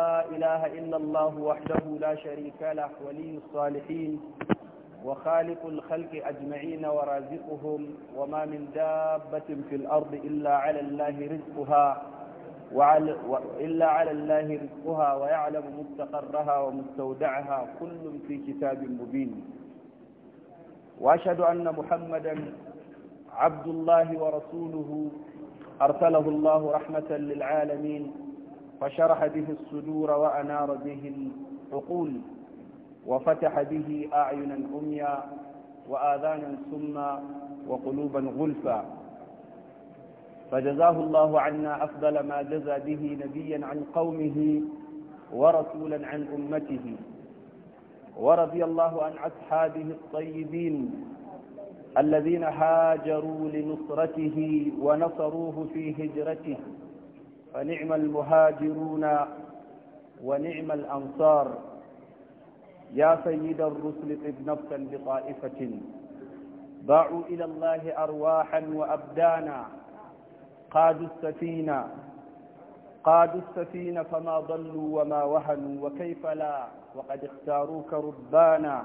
لا إله إلا الله وحده لا شريك له ولي الصالحين وخالق الخلق أجمعين ورازقهم وما من دابة في الأرض إلا على الله رزقها وعلى و... إلا على الله رزقها ويعلم مستقرها ومستودعها كل في كتاب مبين وأشهد أن محمدا عبد الله ورسوله أرسله الله رحمة للعالمين فشرح به الصدور وأنار به العقول وفتح به أعينا عميا وآذانا سما وقلوبا غلفا فجزاه الله عنا أفضل ما جزى به نبيا عن قومه ورسولا عن أمته ورضي الله عن أصحابه الطيبين الذين هاجروا لنصرته ونصروه في هجرته فنعم المهاجرون ونعم الأنصار يا سيد الرسل قد نفسا بطائفة باعوا إلى الله أرواحا وأبدانا قادوا السفينة قادوا السفينة فما ضلوا وما وهنوا وكيف لا وقد اختاروك ربانا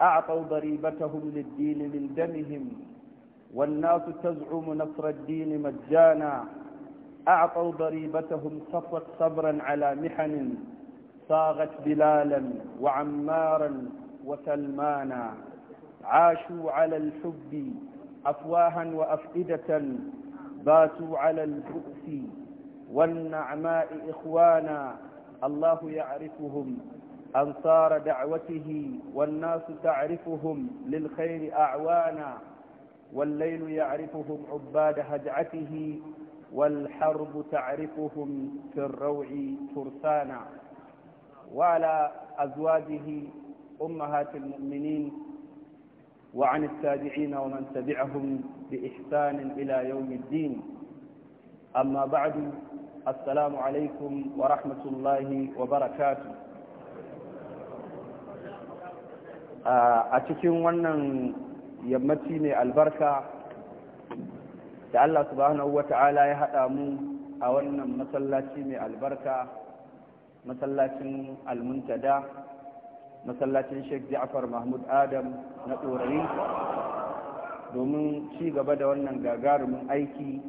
أعطوا ضريبتهم للدين من دمهم والناس تزعم نصر الدين مجانا أعطوا ضريبتهم صبرا على محن صاغت بلالا وعمارا وسلمانا عاشوا على الحب أفواها وأفئدة باتوا على البؤس والنعماء إخوانا الله يعرفهم أنصار دعوته والناس تعرفهم للخير أعوانا والليل يعرفهم عباد هجعته والحرب تعرفهم في الروع فرسانا وعلى أزواجه أمهات المؤمنين وعن التابعين ومن تبعهم بإحسان إلى يوم الدين أما بعد السلام عليكم ورحمة الله وبركاته a cikin wannan yammaci albarka da Allah subhanahu ta'ala ya haɗa mu a wannan masallaci mai albarka masallacin almuntada masallacin sheikh ja'far mahmud adam na tsorari domin ci gaba da wannan gagarumin aiki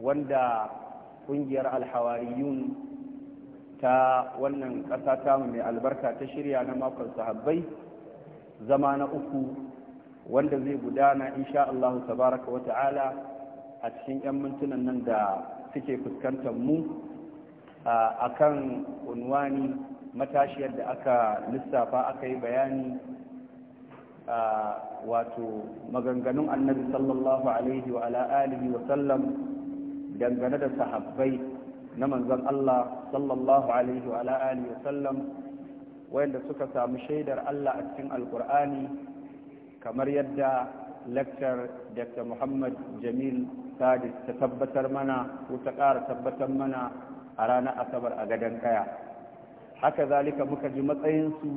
wanda ƙungiyar alhawariyun ta wannan ƙasa tamu mai albarka ta shirya na makon sahabbai zama na uku wanda zai gudana insha Allah tabaraka wa ta'ala a cikin 'yan mintunan nan da suke fuskantar mu a kan unwani matashiyar da aka lissafa aka yi bayani wato maganganun annabi sallallahu alaihi wa wa sallam dangane da sahabbai na manzon Allah sallallahu alaihi wa alihi wa sallam wayanda suka samu shaidar Allah a cikin alkur'ani kamar yadda lakcar dr muhammad jamil sadis ta tabbatar mana ko ta ƙara tabbatar mana a ranar asabar a gadon kaya haka zalika muka ji matsayin su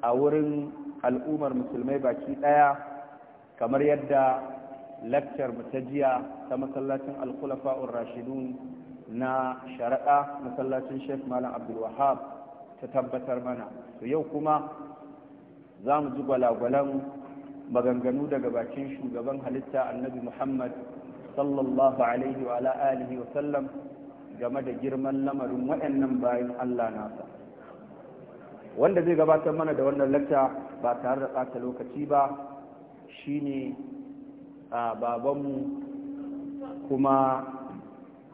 a wurin al'ummar musulmai baki ɗaya kamar yadda lakcar ta jiya ta masallacin alkulafa'ur rashidun na shari'a masallacin sheikh malam abdulwahab ta tabbatar mana to yau kuma za mu ji gwalagwalan maganganu daga bakin shugaban halitta annabi muhammad sallallahu alaihi wa alihi wa sallam game da girman lamarin waɗannan bayan Allah nasa wanda zai gabatar mana da wannan lacca ba tare da ɓata lokaci ba shine a babanmu kuma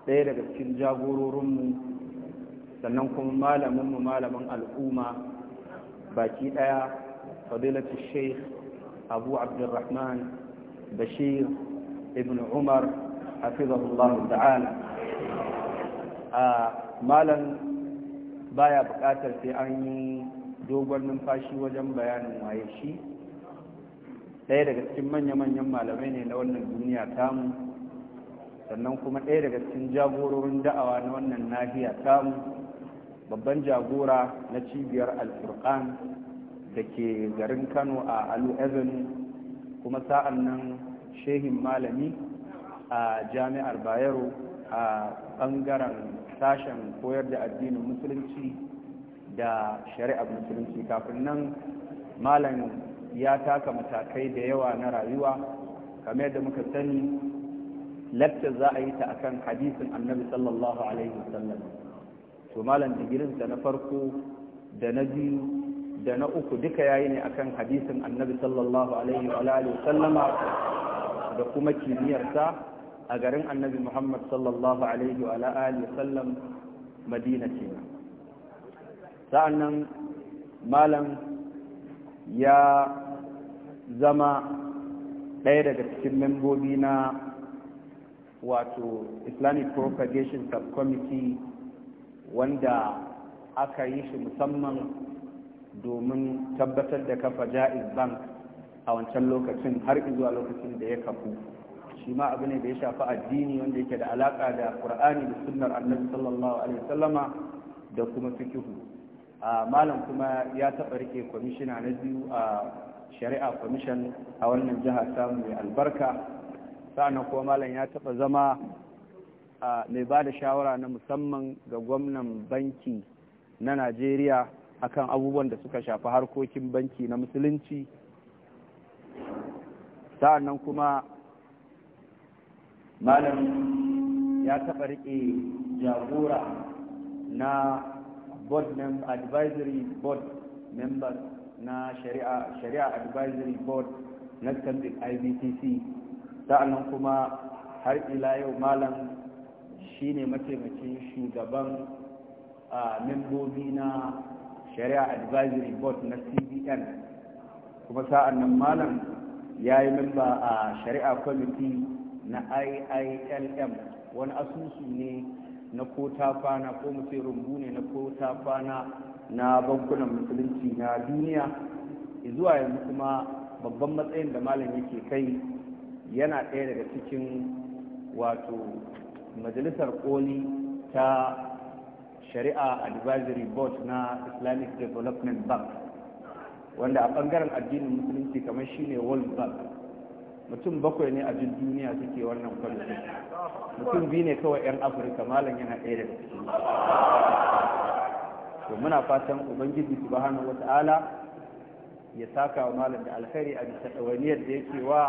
ɗaya daga cikin jagororinmu sannan kuma malaminmu malamin al'umma baki ɗaya fadilatu sheikh abu abdulrahman bashir ibn umar hafizahullahu ta'ala a malam baya bukatar sai an yi dogon numfashi wajen bayanin waye shi ɗaya daga cikin manya-manyan malamai ne na wannan duniya tamu sannan kuma ɗaya daga cikin jagororin da'awa na wannan nahiya tamu babban jagora na cibiyar alfurkan da ke garin kano a alu avenue kuma sa'an nan shehin malami a jami'ar bayero a ɓangaren sashen koyar da addinin musulunci da shari'ar musulunci kafin nan malam ya taka matakai da yawa na rayuwa kamar yadda muka sani lakta za a yi ta a kan hadisin annabi sallallahu alaihi wasallam to malam digirinsa na farko da na biyu da na uku duka yayi ne akan hadisin annabi sallallahu alaihi wa alihi wasallama da kuma kimiyyarsa a garin annabi muhammad sallallahu alaihi wa sallam madina ce sa'annan malam ya zama ɗaya daga cikin membobi na wato islamic propagation subcommittee wanda aka yi shi musamman domin tabbatar da kafa ja'iz bank a wancan lokacin har zuwa lokacin da ya kafu shi ma abu ne da ya shafi addini wanda yake da alaka da qur'ani da sunnar annabi sallallahu alaihi wasallama da kuma fikihu malam kuma ya taɓa rike kwamishina na biyu a shari'a kwamishin a wannan jihar samu mai albarka sa'annan kuma malam ya taɓa zama mai ba da shawara na musamman ga gwamnan banki na najeriya akan abubuwan da suka shafi harkokin banki na musulunci nan kuma malam ya taɓa riƙe jagora na board advisory board members na shari'a shari'a advisory board na kambin ibtc nan kuma har ila yau malam shine mataimakin shugaban ah, membobi na shari'a advisory board na cbn kuma sa'an nan malam ya yi mimba a shari'a kwamiti na iilm wani asusu ne na ko ta kwana ko mu rumbu ne na ko ta kwana na bankunan musulunci na duniya zuwa yanzu kuma babban matsayin da malam yake kai yana ɗaya daga cikin wato majalisar koli ta shari'a advisory board na islamic development bank wanda a bangaren addinin musulunci kamar shine world bank mutum bakwai ne a jin duniya suke wannan kwalifin mutum biyu ne kawai 'yan afirka malam yana ɗaya da cikin to muna fatan ubangiji subhanahu wata'ala ya saka wa malam da alkhairi a bisa ɗawainiyar da yake wa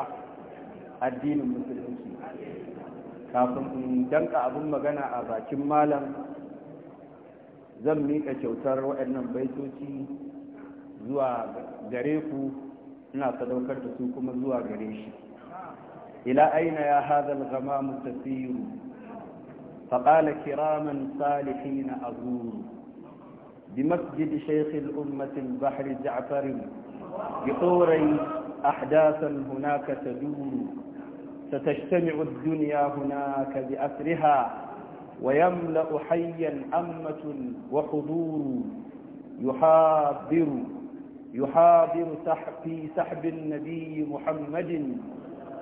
addinin musulunci kafin in danka abin magana a bakin malam zan miƙa kyautar waɗannan baitoci zuwa gare ku ina sadaukar da su kuma zuwa gare shi ila aina ya hadha al-ghamam tasiru فقال كراما صالحين أزور بمسجد شيخ الأمة البحر جعفر بطوري أحداثا هناك تدور ستجتمع الدنيا هناك بأسرها ويملأ حيا أمة وحضور يحاضر يحاضر في سحب النبي محمد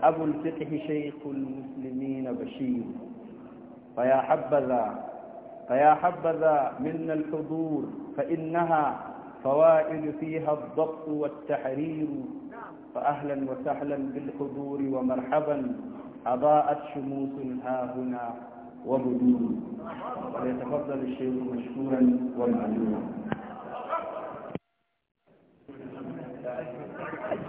أبو الفقه شيخ المسلمين بشير فيا حبذا فيا حبذا منا الحضور فإنها فوائد فيها الضبط والتحرير فأهلا وسهلا بالحضور ومرحبا أضاءت شموس ها هنا وبدور ويتفضل الشيخ مشكورا ومعلوما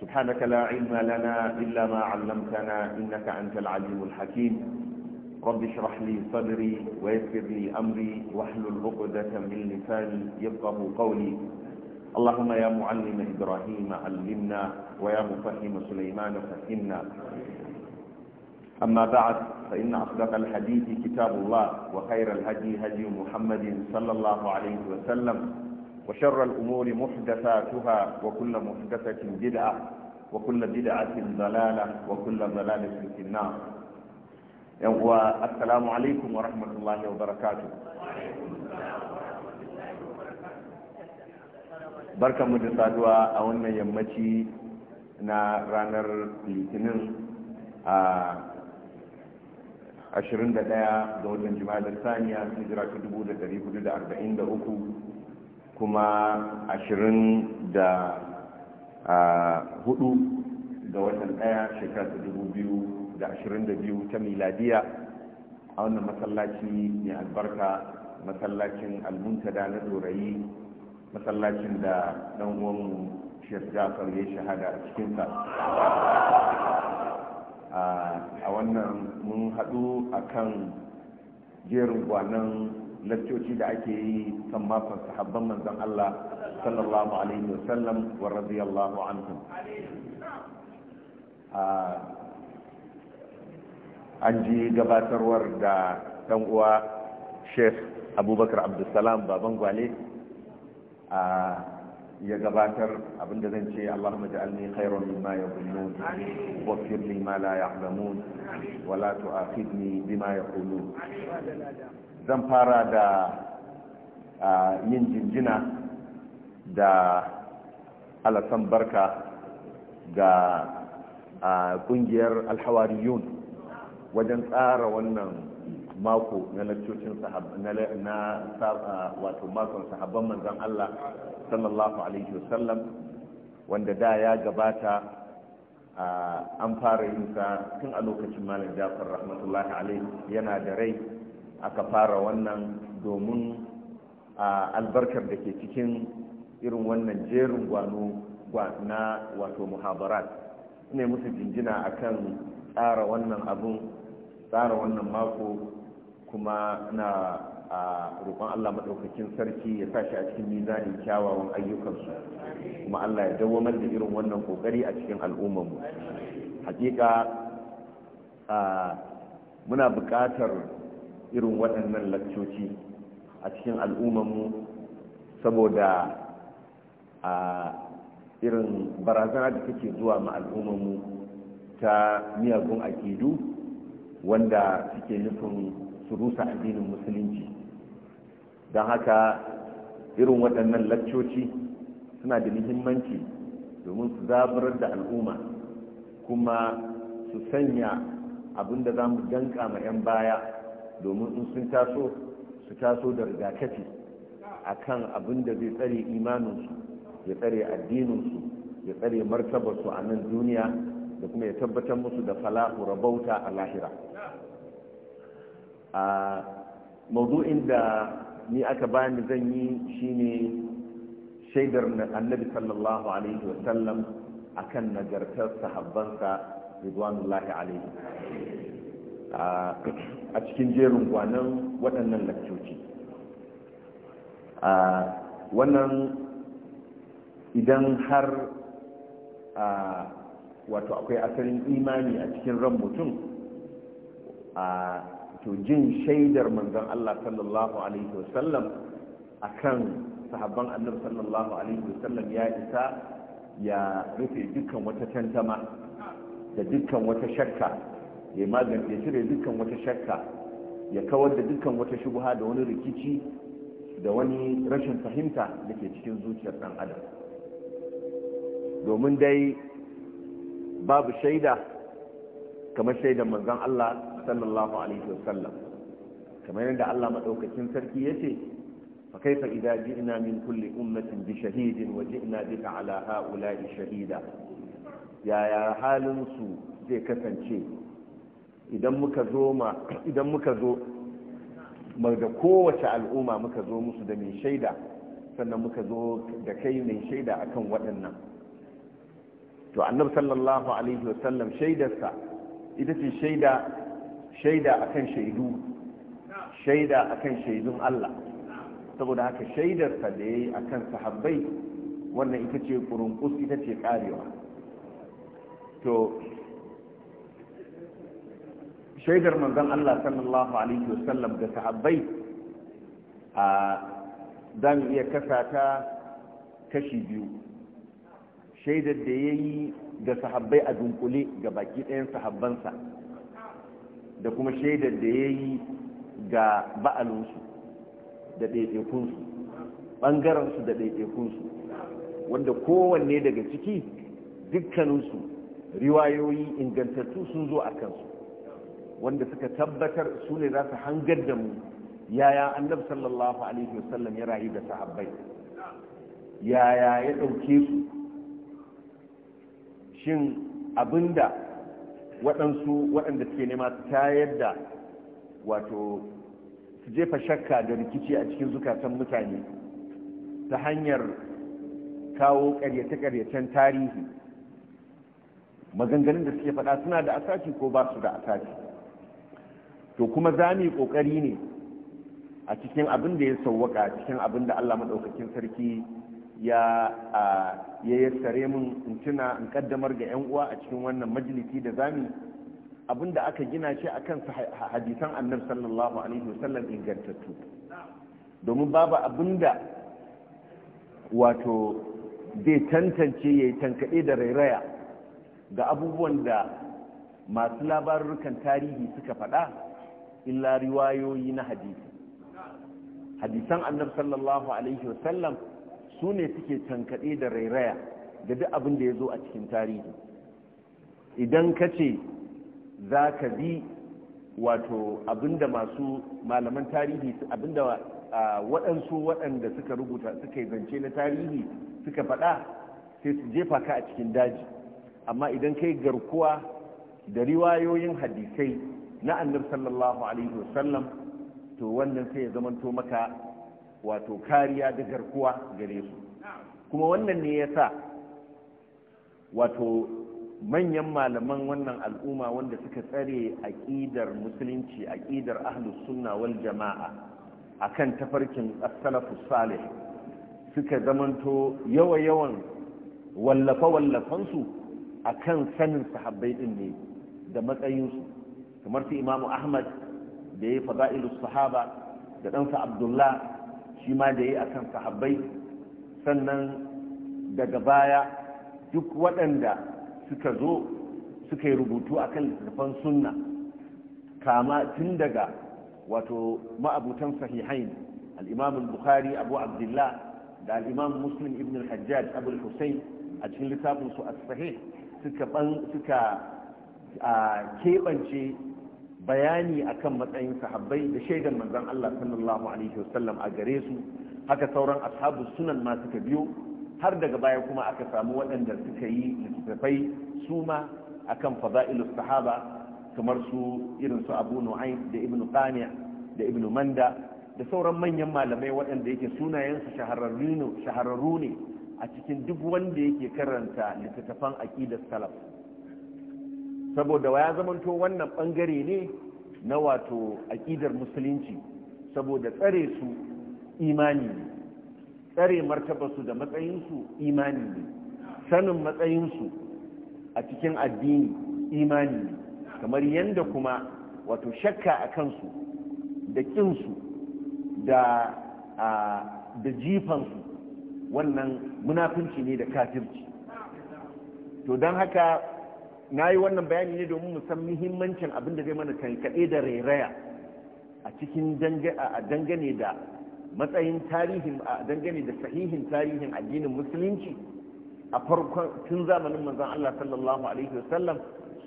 سبحانك لا علم لنا إلا ما علمتنا إنك أنت العليم الحكيم رب اشرح لي صدري ويسر لي أمري واحلل عقدة من لساني يفقه قولي اللهم يا معلم إبراهيم علمنا ويا مفهم سليمان فهمنا أما بعد فإن أصدق الحديث كتاب الله وخير الهدي هدي محمد صلى الله عليه وسلم وشر الأمور محدثاتها وكل محدثة بدعة وكل بدعة ضلالة وكل ضلالة في النار السلام عليكم ورحمة الله وبركاته barka mu da saduwa a wannan yammaci na ranar litinin a 21 ga watan jima'a da saniya hijira ta 1443 kuma ashirin da hudu ga watan daya shekara ta dubu biyu da ashirin da biyu ta miladiya a wannan masallaci mai albarka masallacin almuntada na dorayi masallacin da dan uwanmu shek jafar ya shahada a cikinsa a wannan mun haɗu a kan jerin gwanon lakcoci da ake yi kan makon sahabban manzon Allah sallallahu alaihi sallam wa radiyallahu anhum an ji gabatarwar da dan uwa Sheikh Abubakar Abdulsalam baban gwale ya gabatar abinda zan ce Allahumma ja'alni khairan mimma yaqulun waghfir li ma la ya'lamun wa la tu'akhidni bima yaqulun zan fara da yin jinjina da alasan barka ga kungiyar alhawariyun wajen tsara wannan mako na lakcocin wato makon sahabban manzan Allah sallallahu alaihi wasallam wanda da ya gabata an fara yin sa tun a lokacin malam jafar rahmatullahi alaihi yana da rai aka fara wannan domin albarkar da ke cikin irin wannan jerin gwano na wato muhabarat ne musu jinjina akan tsara wannan abun tsara wannan mako kuma na roƙon allah maɗaukakin sarki ya sa shi a cikin mizanin kyawawan ayyukansu kuma allah ya dawamar da irin wannan ƙoƙari a cikin al'ummarmu hakika muna buƙatar irin waɗannan lakcoci a cikin al'ummanmu saboda a irin barazana da take zuwa ma al'ummanmu ta miyagun akidu wanda suke nufin su rusa addinin musulunci don haka irin waɗannan lakcoci suna da muhimmanci domin su zaburar da al'umma kuma su sanya abinda za mu danka ma 'yan baya domin in sun taso su taso da rigakafi akan abin da zai tsare imaninsu ya tsare addininsu ya tsare martabarsu a nan duniya da kuma ya tabbatar musu da falahu rabauta a lahira a mawdu'in da ni aka bani zan yi shine shaidar annabi sallallahu alaihi wasallam akan nagartar sahabbansa ridwanullahi alaihi a cikin jerin gwanon waɗannan lakcoci a wannan idan har a wato akwai asalin imani a cikin ran mutum a to jin shaidar manzon Allah sallallahu alaihi wasallam kan sahabban annabi sallallahu alaihi wasallam ya isa ya rufe dukkan wata tantama da dukkan wata shakka ya magance ya cire dukkan wata shakka ya kawar da dukkan wata shubha da wani rikici da wani rashin fahimta da ke cikin zuciyar ɗan adam domin dai babu shaida kamar shaidan manzon Allah sallallahu alaihi wasallam kamar yadda Allah madaukakin sarki yace fa kaifa idza ji'na min kulli ummatin bi shahidin wa ji'na bika ala ha'ula'i shahida yaya halin su zai kasance idan muka zo ma kowace al'umma muka zo musu da mai shaida sannan muka zo da kai mai shaida akan waɗannan to annabi sallallahu alaihi wasallam shaidarsa ita ce shaida shaida akan shaidu shaida akan shaidun Allah saboda haka shaidarsa da yayi akan sahabbai wannan ita ce kurunkus ita ce karewa to shaidar manzon Allah sallallahu alaihi wasallam ga sahabbai a za iya kasa ta kashi biyu shaidar da ya yi ga sahabbai a dunkule ga baki ɗayan sahabbansa da kuma shaidar da ya yi ga ba'alinsu da ɗaiɗaikunsu ɓangarensu da ɗaiɗaikunsu wanda kowanne daga ciki dukkaninsu riwayoyi ingantattu sun zo a kansu wanda suka tabbatar su ne za su hangar da mu yaya annab sallallahu alaihi wasallam ya rayu da sahabbai yaya ya ɗauke su shin abinda waɗansu waɗanda suke nema su tayar da wato su jefa shakka da rikici a cikin zukatan mutane ta hanyar kawo ƙaryace-ƙaryacen tarihi maganganun da suke faɗa suna da asaki ko ba su da asaki to kuma za mu yi ƙoƙari ne a cikin abin da ya sauwaka a cikin abin da allah maɗaukakin sarki ya yassare mun in tuna in kaddamar ga 'yan uwa a cikin wannan majalisi da zami abin da aka gina shi akan hadisan annab sallallahu alaihi wasallam ingantattu domin babu abin da wato zai tantance ya yi tankaɗe da rairaya ga abubuwan da masu labarurrukan tarihi suka faɗa illa riwayoyi na hadisi hadisan annab sallallahu alaihi wasallam su ne suke cankaɗe da rairaya da duk abin da ya zo a cikin tarihi idan kace ce za ka bi wato abinda masu malaman tarihi abinda waɗansu waɗanda suka rubuta suka yi zance na tarihi suka faɗa sai su jefa ka a cikin daji amma idan kai garkuwa da riwayoyin hadisai na annabi sallallahu alaihi wasallam to wannan sai ya zamanto maka wato kariya da garkuwa gare su kuma wannan ne ya sa wato manyan malaman wannan al'umma wanda suka tsare aƙidar musulunci aƙidar ahlus sunna wal jama'a akan tafarkin as salih suka zamanto yawa yawan wallafa wallafansu akan sanin sahabbai din ne da matsayinsu kamar su imamu ahmad da ya yi fada'ilu sahaba da ɗansa abdullah shi ma da ya yi a kan sahabbai sannan daga baya duk waɗanda suka zo suka yi rubutu a kan littattafan sunna kama tun daga wato ma'abutan sahihain al'imam bukhari abu abdullah da al'imam muslim ibn al-hajjaj abu hussein a cikin littafinsu a sahih suka keɓance bayani akan matsayin sahabbai da shaidan manzon Allah sallallahu alaihi wasallam a gare su haka sauran ashabu sunan ma suka biyo har daga baya kuma aka samu waɗanda suka yi littattafai su ma akan fada'ilus sahaba kamar su irin su Abu Nu'aym da Ibn Qani' da Ibn Manda da sauran manyan malamai waɗanda yake sunayensu shahararru ne a cikin duk wanda yake karanta littattafan aqidar salaf saboda ya zamanto wannan bangare ne na wato aƙidar musulunci saboda tsare su imani ne tsare martabarsu da matsayinsu imani ne sanin matsayinsu a cikin addini imani ne kamar yadda kuma wato shakka a kansu da ƙinsu da da jifansu wannan munafunci ne da kafirci to don haka na yi wannan bayani ne domin mu san muhimmancin abin da zai mana tankaɗe da rairaya a cikin dangane da matsayin tarihin a dangane da sahihin tarihin addinin musulunci a farkon tun zamanin manzon Allah sallallahu alaihi wasallam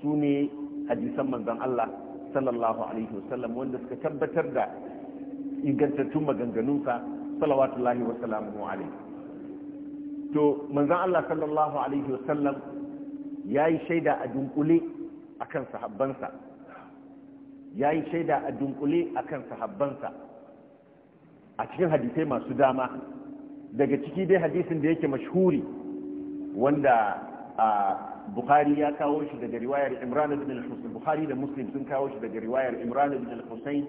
su ne hadisan manzon Allah sallallahu alaihi wasallam wanda suka tabbatar da ingantattun maganganunsa salawatullahi wa salamuhu alaihi to manzon Allah sallallahu alaihi wasallam ya yi shaida a dunkule a kan sahabbansa shaida a dunkule a cikin hadisai masu dama daga ciki dai hadisin da yake mashhuri wanda bukhari ya kawo shi daga riwayar imran ibn al-husayn bukhari da muslim sun kawo shi daga riwayar imran ibn al-husayn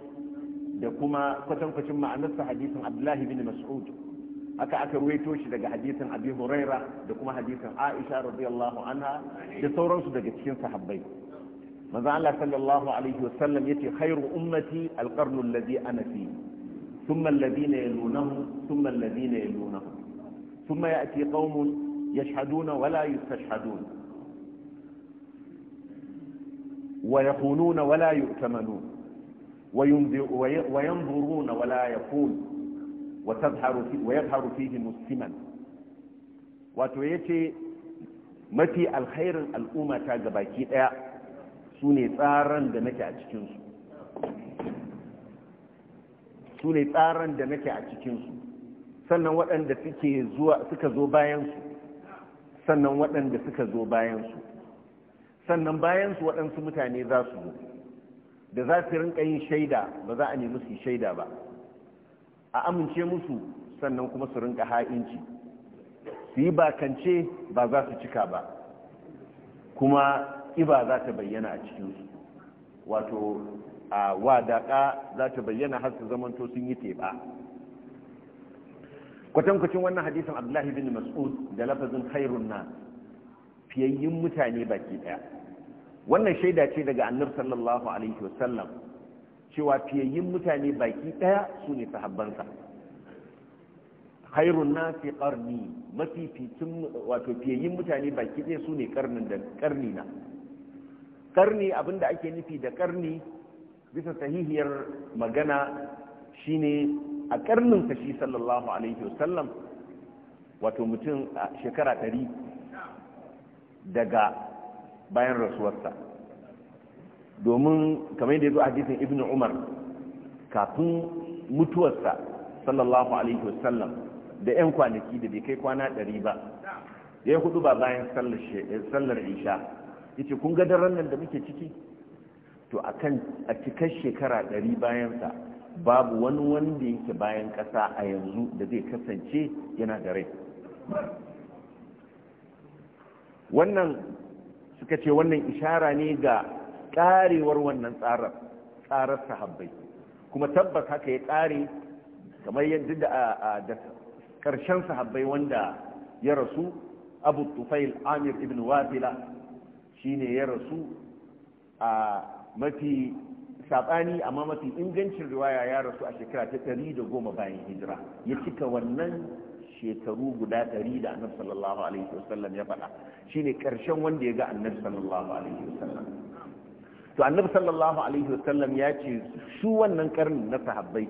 da kuma kwatankwacin ma'anarsa hadisin abdullahi bin mas'ud aka aka ruwaito shi daga hadisin abi huraira da kuma hadisin aisha radiyallahu anha da sauransu daga cikin sahabbai manzo Allah sallallahu alaihi wa sallam yace khairu ummati alqarn alladhi ana fi thumma alladhina yalunahu thumma alladhina yalunahu thumma ya'ti qaumun yashhaduna wa la yustashhadun wa yakhununa wa la yu'tamanun وينظرون ولا يكون wa yadharu fihi musliman wato yace mafi alkhairin al'umma ta gabaki daya sune tsaran da nake a cikin su ne tsaron da nake a cikinsu sannan waɗanda suke zuwa suka zo bayansu sannan waɗanda suka zo bayansu sannan bayansu su waɗansu mutane za su zo da za su rinka yin shaida ba za a nemi su shaida ba a amince musu sannan kuma su rinka ha'inci su yi bakance ba za su cika ba kuma iba za ta bayyana a cikinsu wato a wadaƙa za ta bayyana har su zamanto sun yi teba kwatankwacin wannan hadisin abdullahi bin mas'ud da lafazin khairun na yin mutane baki ɗaya wannan shaida ce daga annabi sallallahu alaihi wasallam cewa fiyayyin mutane baki ɗaya su ne sahabbansa khairun nasi karni mafi fitin wato fiyayyin mutane baki ɗaya su ne karnin da karni na karni abinda ake nufi da karni bisa sahihiyar magana shine a karnin shi sallallahu alaihi wasallam wato mutum a shekara ɗari daga bayan rasuwarsa domin kamar yadda ya zo a hadisin ibn umar kafin mutuwarsa sallallahu alaihi wasallam da 'yan kwanaki da bai kai kwana ɗari ba ya yi hudu ba bayan sallar isha ya ce kun gadar nan da muke ciki to a cikar shekara ɗari bayansa babu wani wanda yake bayan ƙasa a yanzu da zai kasance yana da rai wannan suka ce wannan ishara ne ga karewar wannan tsarar tsarar sahabbai kuma tabbas haka ya kare kamar yadda da karshen sahabbai wanda ya rasu abu tufail amir ibn wafila shine ya rasu a mafi sabani amma mafi ingancin riwaya ya rasu a shekara ta da goma bayan hijira ya cika wannan shekaru guda 100 da annabi sallallahu alaihi wasallam ya faɗa shine ƙarshen wanda ya ga annabi sallallahu alaihi wasallam to annabi sallallahu alaihi wasallam ya ce su wannan karni na sahabbai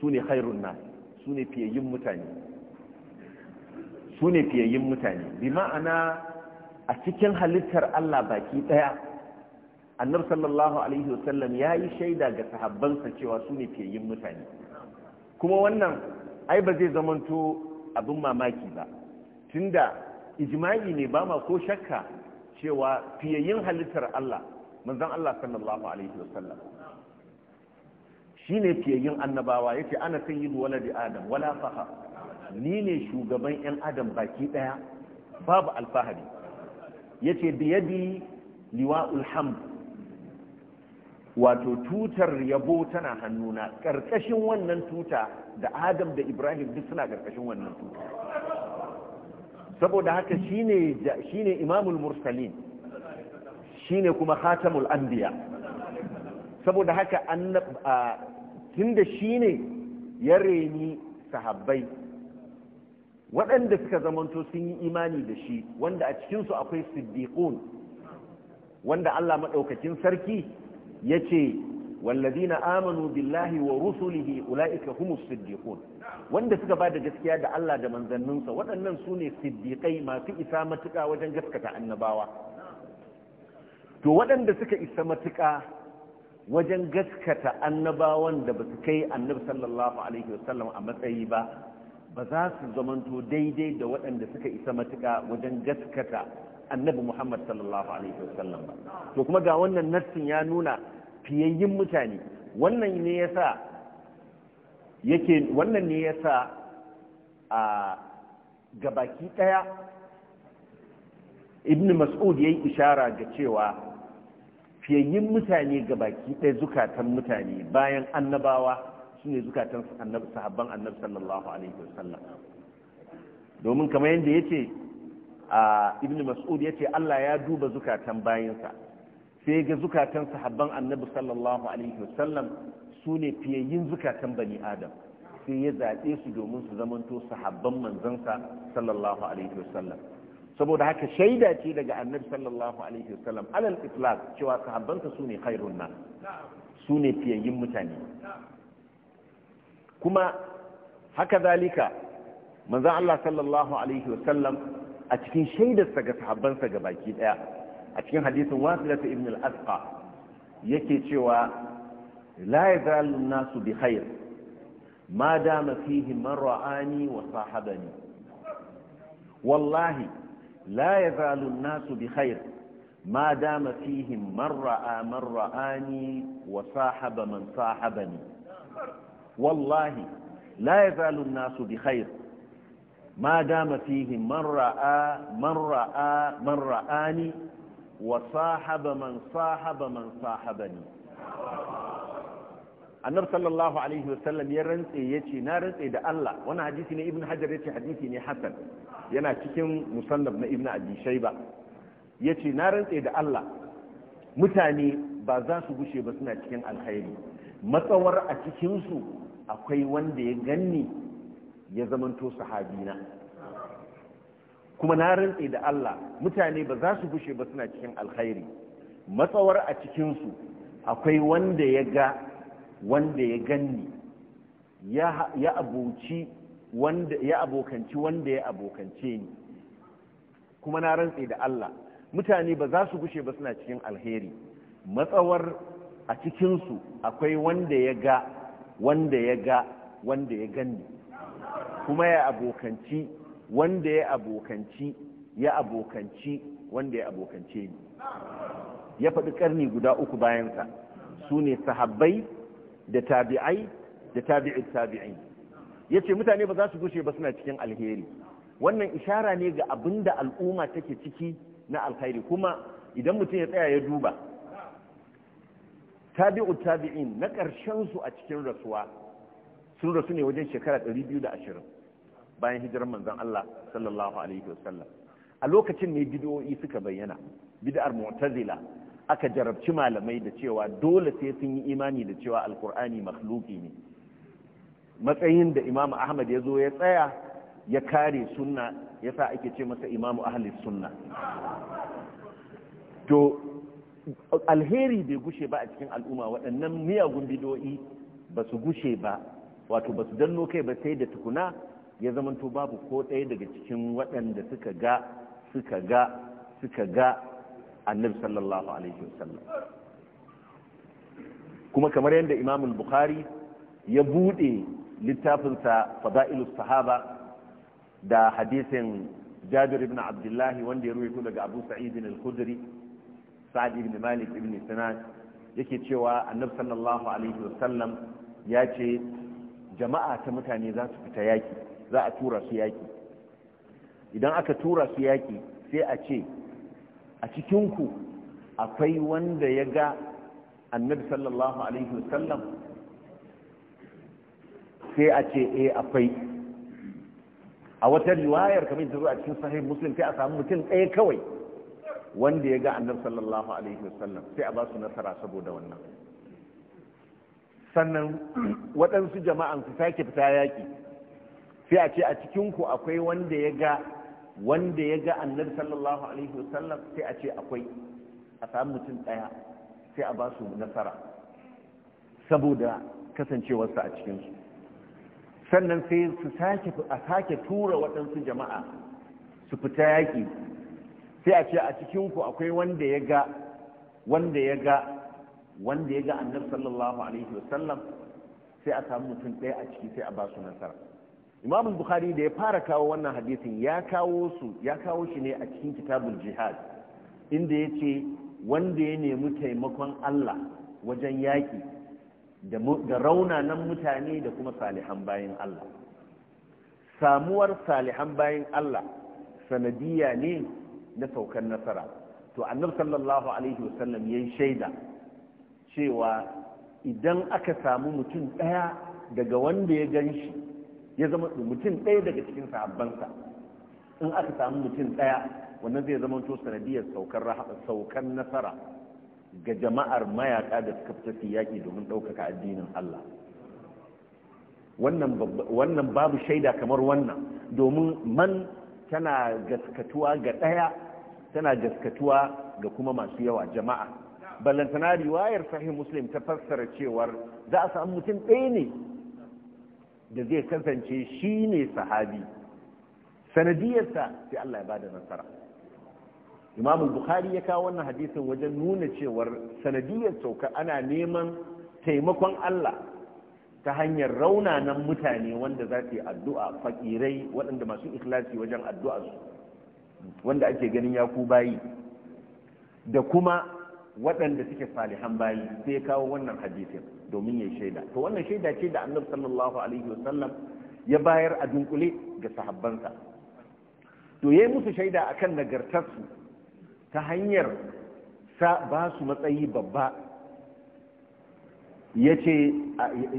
su ne khairun nas su ne fiyayyin mutane su ne fiyayyin mutane bi ma'ana a cikin halittar Allah baki daya annabi sallallahu alaihi wasallam ya yi shaida ga sahabbansa cewa su ne fiyayyin mutane kuma wannan ai ba zai zamanto abin mamaki ba tunda ijma'i ne ba ma ko shakka cewa fiyayyin halittar Allah manzon Allah sallallahu alaihi wasallam shine yin annabawa yace ana yin waladi adam wala fakhar ni ne shugaban yan adam baki daya babu alfahari yace biyadi liwa'ul hamd wato tutar yabo tana hannuna ƙarƙashin wannan tuta da adam da ibrahim duk suna ƙarƙashin wannan tuta saboda haka shine shine imamul mursalin shine kuma khatamul anbiya saboda haka shi ne ya reni sahabbai waɗanda suka zamanto sun yi imani da shi wanda a cikinsu akwai siddiqun wanda Allah maɗaukakin sarki ya ce wallazina amanu billahi wa rusulihi ula'ika humus siddiqun wanda suka ba da gaskiya da Allah da manzanninsa waɗannan su ne siddiƙai masu isa matuƙa wajen gaskata annabawa to waɗanda suka isa matuƙa wajen gaskata annabawan da ba su kai annabi sallallahu alaihi wasallam a matsayi ba ba za su zamanto daidai da waɗanda suka isa matuƙa wajen gaskata annabi muhammad sallallahu alaihi wasallam ba to kuma ga wannan nassin ya nuna fiyayyin mutane wannan ne yasa yake wannan ne yasa a gabaki ɗaya ibn mas'ud yayi ishara ga cewa fiyayyin mutane ga baki ɗaya zukatan mutane bayan annabawa su ne zukatan sahabban annabi sallallahu alaihi wasallam domin kamar yadda ya ce a ibn mas'ud ya ce allah ya duba zukatan bayansa sai ga zukatan sahabban annabi sallallahu alaihi wasallam su ne fiyayyin zukatan bani adam sai ya zaɓe su domin su zamanto sahabban manzansa sallallahu alaihi wasallam saboda haka shaida ce daga annabi sallallahu alaihi wasallam alal islam cewa sahabbansa su ne khairun nan su ne fiyayyin mutane kuma haka zalika manzan Allah sallallahu alaihi wasallam a cikin shaidarsa ga sahabbansa ga baki daya a cikin hadisin wasilata ibn al-asqa yake cewa la yazalu nasu bi khair ma dama fihi man ra'ani wa sahabani wallahi لا يزال الناس بخير ما دام فيهم من رأى من رآني وصاحب من صاحبني والله لا يزال الناس بخير ما دام فيهم من رأى من رأى من رآني وصاحب من صاحب من صاحبني annabi sallallahu alaihi wasallam ya rantse ya ce na rantse da Allah wannan hadisi ne ibn hajar ya ce hadisi ne hasan yana cikin musannaf na ibn abi shayba ya ce na rantse da Allah mutane ba za su gushe ba suna cikin alkhairi matsawar a cikinsu akwai wanda ya ganni ya zamanto sahabina kuma na rantse da Allah mutane ba za su gushe ba suna cikin alkhairi matsawar a cikin su akwai wanda ya ga wanda ya ganni ya abuci wanda ya abokanci wanda ya abokance ni kuma na rantse da Allah mutane ba za su gushe ba suna cikin alheri matsawar a cikinsu akwai wanda ya ga wanda ya ga wanda ya ganni kuma ya abokanci wanda ya abokanci ya abokanci wanda ya abokance ni ya faɗi karni guda uku bayansa su ne sahabbai da tabi'ai da tabi'in ya ce mutane ba za su gushe ba suna cikin alheri wannan ishara ne ga abin da al'umma take ciki na alkhairi kuma idan mutum ya tsaya ya duba tabi'u tabi'in na ƙarshen su a cikin rasuwa sun rasu ne wajen shekara 220 bayan hijirar manzon Allah sallallahu alaihi wasallam a lokacin ne bid'o'i suka bayyana bid'ar mu'tazila aka jarabci malamai da cewa dole sai sun yi imani da cewa alkur'ani makhluki ne matsayin da imamu ahmad ya zo ya tsaya ya kare sunna ya sa ake ce masa imamu ahli sunna to alheri bai gushe ba a cikin al'umma waɗannan miyagun bidoyi ba su gushe ba wato ba su danno kai ba sai da tukuna ya zamanto babu ko ɗaya daga cikin waɗanda suka ga suka ga suka ga annabi sallallahu alaihi wasallam kuma kamar yadda imam bukhari ya bude littafinsa fada'ilus sahaba da hadisin jabir ibn abdullahi wanda ya ruwaito daga abu sa'id al-khudri sa'id ibn malik ibn sinan yake cewa annabi sallallahu alaihi wasallam ya ce jama'a ta mutane za su fita yaki za a tura su yaki idan aka tura su yaki sai a ce a cikinku akwai wanda ya ga annabi sallallahu alaihi wasallam sai a ce eh akwai a wata riwayar kamar ta zo a cikin sahih muslim sai a samu mutum ɗaya kawai wanda ya ga annabi sallallahu alaihi wasallam sai a ba su nasara saboda wannan sannan waɗansu jama'an su sake fita yaƙi sai a ce a cikinku akwai wanda ya ga wanda ya ga annar sallallahu alaihi wasallam sai a ce akwai a samu mutum ɗaya sai a ba su nasara saboda kasancewarsa a cikinsu sannan sai su sake a sake tura waɗansu jama'a su fita yaƙi sai a ce a cikinku akwai wanda ya ga wanda ya ga wanda ya ga annar sallallahu alaihi wasallam sai a samu mutum ɗaya a ciki sai a ba su nasara imam bukhari da ya fara kawo wannan hadisin ya kawo su ya kawo shi ne a cikin kitabul jihad inda ya ce wanda ya nemi taimakon allah wajen yaƙi da raunanan mutane da kuma salihan bayan allah samuwar salihan bayan allah sanadiya ne na saukar nasara to annabi sallallahu alaihi wasallam ya shaida cewa idan aka samu mutum ɗaya daga wanda ya gan shi ya zama mutum ɗaya daga cikin sahabbansa in aka samu mutum ɗaya wannan zai zama to sanadiyar saukar saukar nasara ga jama'ar mayaka da suka fita su yaƙi domin ɗaukaka addinin Allah wannan babu shaida kamar wannan domin man tana gaskatuwa ga ɗaya tana gaskatuwa ga kuma masu yawa jama'a ballantana riwayar sahih muslim ta fassara cewar za a samu mutum ɗaya ne da zai kasance shi ne sahabi sanadiyarsa sai Allah ya bada nasara imam bukhari ya kawo wannan hadisin wajen nuna cewar sanadiyar sauka ana neman taimakon Allah ta hanyar raunanan mutane wanda za su yi addu'a fakirai waɗanda masu ikhlasi wajen addu'a su wanda ake ganin ya ku bayi da kuma waɗanda suke salihan bayi sai kawo wannan hadisin domin ya shaida to wannan shaida ce da annabi sallallahu alaihi wasallam ya bayar a dunkule ga sahabbansa to yayi musu shaida akan nagartarsu ta hanyar sa ba su matsayi babba yace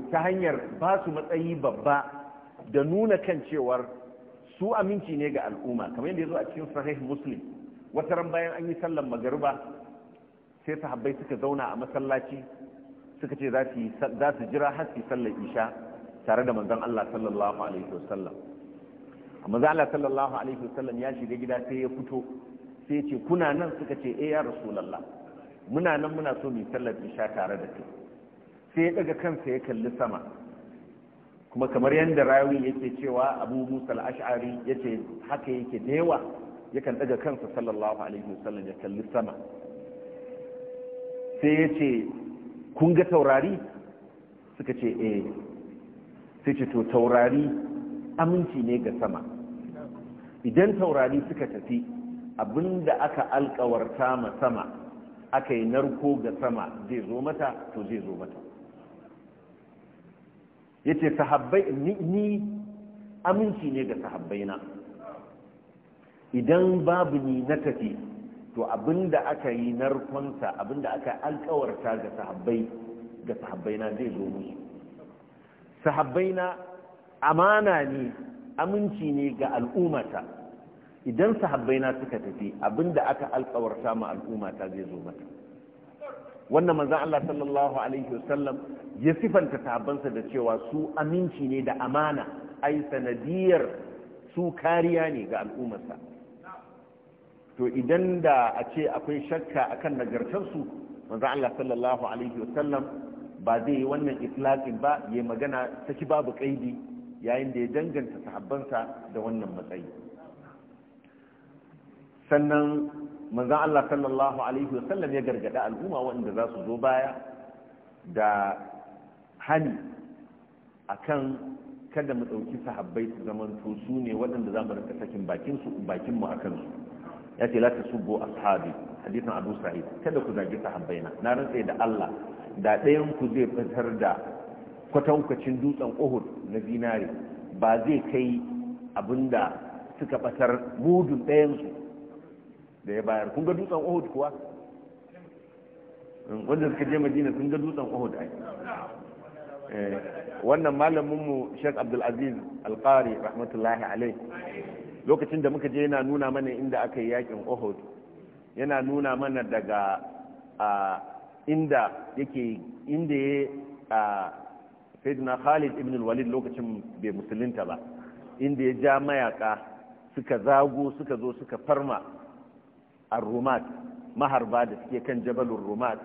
ta hanyar ba su matsayi babba da nuna kan cewar su aminci ne ga al'umma kamar yadda ya zo a cikin sahih muslim wata ran bayan an yi sallan magariba sai habbai suka zauna a masallaci suka ce za su jira har su sallar isha tare da manzon Allah sallallahu alaihi wasallam amma za Allah sallallahu alaihi wasallam ya shiga gida sai ya fito sai ya ce kuna nan suka ce eh ya rasulullah muna nan muna so mu sallar isha tare da kai sai ya daga kansa ya kalli sama kuma kamar yadda rawi yake cewa abu musa al-ash'ari yace haka yake da yawa yakan daga kansa sallallahu alaihi wasallam ya kalli sama sai ya ce kun ga taurari suka ce eh sai ce to taurari aminci ne ga sama idan taurari suka tafi abinda aka alkawarta ma sama aka yi narko ga sama zai zo mata to zai zo mata ya ce sahabbai ni aminci ne ga sahabbai na idan babu ni na tafi to abinda aka yi narkonsa abinda aka alkawarta ga sahabbai ga sahabbaina zai zo musu sahabbaina amana ne aminci ne ga al'ummata idan sahabbaina suka tafi abinda aka alkawarta ma al'ummata zai zo mata wannan manzan Allah sallallahu alaihi wasallam ya sifanta sahabbansa da cewa su aminci ne da amana ai sanadiyar su kariya ne ga al'ummarsa to idan da a ce akwai shakka akan nagartarsu manzo Allah sallallahu alaihi wasallam ba zai yi wannan itlaqin ba ya magana saki babu kaidi yayin da ya danganta sahabbansa da wannan matsayi sannan manzo Allah sallallahu alaihi wasallam ya gargada al'umma wanda za su zo baya da hani akan kada mu ɗauki sahabbai su zamanto su ne waɗanda za mu rinka sakin bakin su bakin mu akan su ya ce lati tasubbu ashabi hadisin Abu Sa'id kada ku zagi sahabbaina na rantsa da Allah da ɗayan ku zai fitar da kwatankwacin dutsen Uhud na zinare ba zai kai abinda suka batar mudun ɗayan su da ya bayar kun ga dutsen Uhud kuwa mm, wanda suka je Madina sun ga dutsen Uhud ai eh, wannan malaminmu Sheikh Abdul Aziz Al-Qari rahmatullahi alaihi lokacin da muka je yana nuna mana inda aka yi yakin ohud yana nuna mana daga inda yake inda ya sayyidina khalid ibn walid lokacin bai musulunta ba inda ya ja mayaka suka zago suka zo suka farma a rumat maharba da suke kan jabalin rumat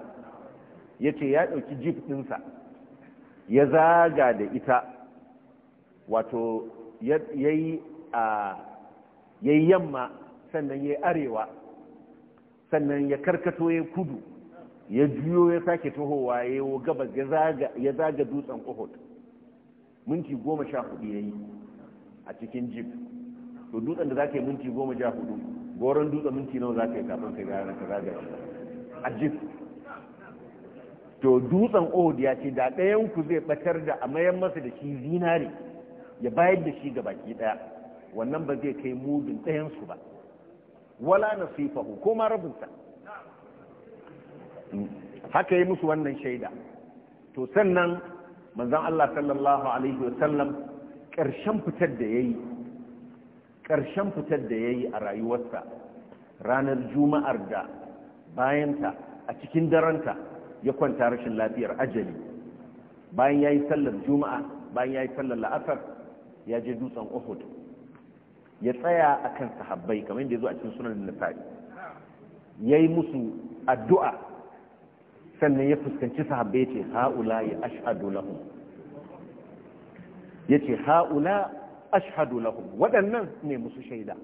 ya ce ya ɗauki jif ɗinsa ya zaga da ita wato ya yi a ya yi yamma sannan ya yi arewa sannan ya karkato ya kudu ya juyo ya sake tohowa ya yi gabas ya zaga dutsen kohot minti goma sha hudu ya yi a cikin jib to dutsen da za ka yi minti goma sha hudu goron dutsen minti nawa za ka yi kafin ka gara ka zaga a jib to dutsen kohot ya ce da ɗayan ku zai ɓatar da a mayan masa da shi zinare ya bayar da shi ga baki ɗaya wannan ba zai kai mudun ɗayansu ba wala nasifahu ko ma rabinsa mm. haka yi musu wannan shaida to sannan manzon Allah sallallahu alaihi ƙarshen fitar da yayi ƙarshen fitar da yi a rayuwarsa ranar juma'ar da bayanta a cikin daranta ya kwanta rashin lafiyar ajali bayan ya yi sallar juma'a bayan ya yi sallar la'asar ya je dutsen uhud ya tsaya akan sahabbai kamar yadda ya zo a cikin sunan ya yi musu addu'a sannan ya fuskanci sahabbai yace haula ya ashhadu lahum yace haula ashhadu lahum waɗannan ne musu shaida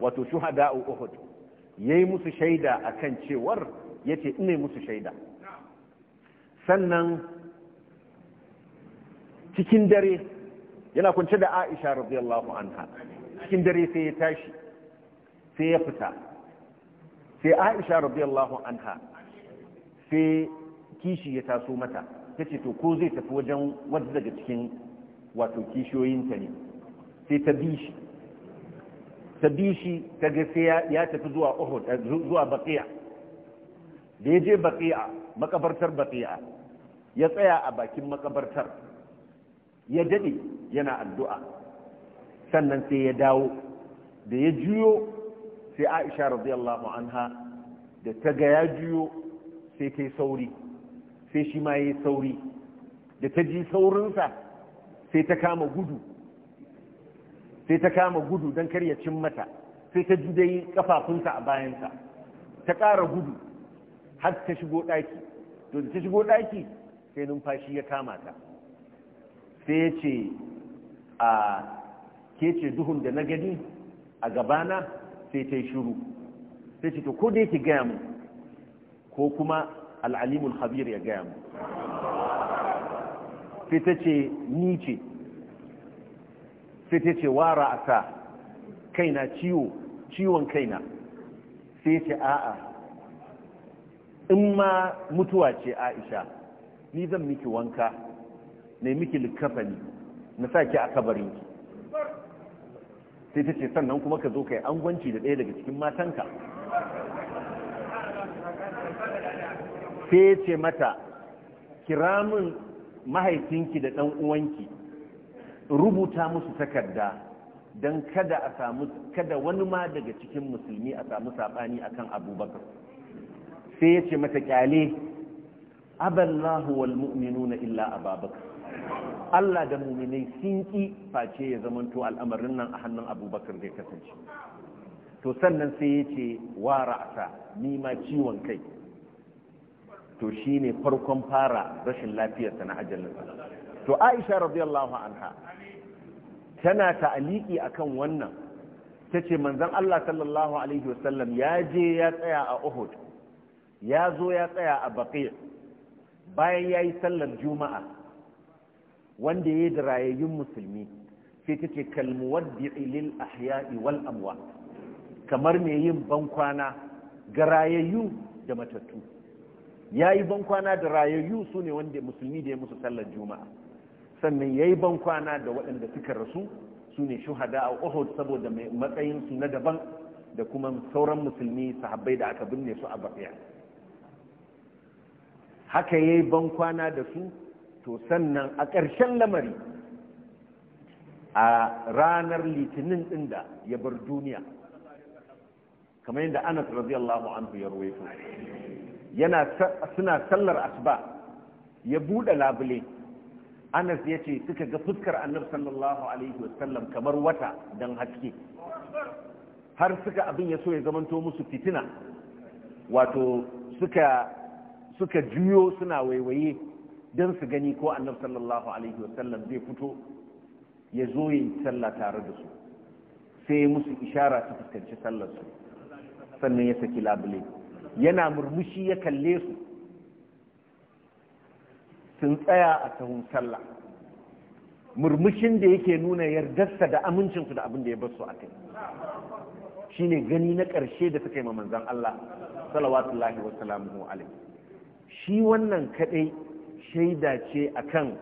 wato shuhada'u uhud yayi musu shaida akan cewar yace ne musu shaida sannan cikin dare yana kunce da Aisha radiyallahu anha cikin dare sai ya tashi sai ya fita sai aisha radiyallahu anha sai kishi ya taso mata ta to ko zai tafi wajen wadda daga cikin wato kishiyoyinta ne sai ta bi shi ta bi shi ta ga sai ya tafi zuwa uhud eh, zuwa baqiya da ya je baqiya makabartar baqiya ya tsaya a bakin makabartar ya dade yana addu'a sannan sai ya dawo da ya juyo sai aisha radiyallahu anha da ta ga ya juyo sai ta yi sauri sai shi ma ya yi sauri da ta ji saurinsa sai ta kama gudu sai ta kama gudu don kar ya cin mata sai ta ji dai kafafunsa a bayansa ta ƙara gudu har ta shigo ɗaki to da ta shigo ɗaki sai numfashi ya kama ta sai ya ce a ah, ke ce duhun da na gani a gabana sai ta yi shuru sai ce to ko da yake gaya mu ko kuma al'alimul habir ya gaya mu sai ta ce ni ce sai ta ce wara a sa kaina ciwo ciwon kaina sai ce a'a in ma mutuwa ce aisha ni zan miki wanka ne miki likafani na sa ki a kabarinki sai ta ce sannan kuma ka zo ka yi angwanci da ɗaya daga cikin matanka sai ce mata kira min mahaifinki da ɗan uwanki rubuta musu takarda don kada a samu kada wani ma daga cikin musulmi a samu saɓani akan abubakar sai ya ce mata kyale aballahu wal mu'minuna illa ababakar Allah da muminai sun ki face ya zamanto al'amarin nan a hannun abubakar zai kasance to sannan sai ya ce wa ra'asa ni ma ciwon kai to ne farkon fara rashin lafiyarsa na ajalinsa to aisha radiyallahu anha tana ta'aliki akan wannan tace manzon Allah sallallahu alaihi wasallam ya je ya tsaya a Uhud ya zo ya tsaya a Baqi' bayan ya yi sallar juma'a wanda ya yi da rayayyun musulmi sai ta ce kalmuwar lil ahya'i wal amwa kamar mai yin bankwana ga rayayyu da matattu ya yi bankwana da rayayyu su ne wanda musulmi da ya musu sallar juma'a sannan ya yi bankwana da waɗanda suka rasu su ne shuhada a uhud saboda matsayinsu na daban da kuma sauran musulmi sahabbai da aka binne su a bakiya haka yayi ban kwana da su to sannan a ƙarshen lamari a ranar litinin ɗin da ya bar duniya kamar yadda anas radiyallahu anhu ya ruwaito yana suna sallar asuba ya buɗe labule anas ya ce suka ga fuskar annab sallallahu alaihi wasallam kamar wata don haske har suka abin ya so ya zamanto musu fitina wato suka suka juyo suna waiwaye don su gani ko annabi sallallahu alaihi wasallam zai fito ya zo yi sallah tare da su sai ya musu ishara su fuskanci sallar su sannan ya saki labule yana murmushi ya kalle su sun tsaya a sahun sallah murmushin da yake nuna yardarsa da amincinsu da abin da ya basu a kai shine gani na ƙarshe da suka yi ma manzon Allah salawatullahi wa salamuhu alaihi shi wannan kadai shaida ce a kan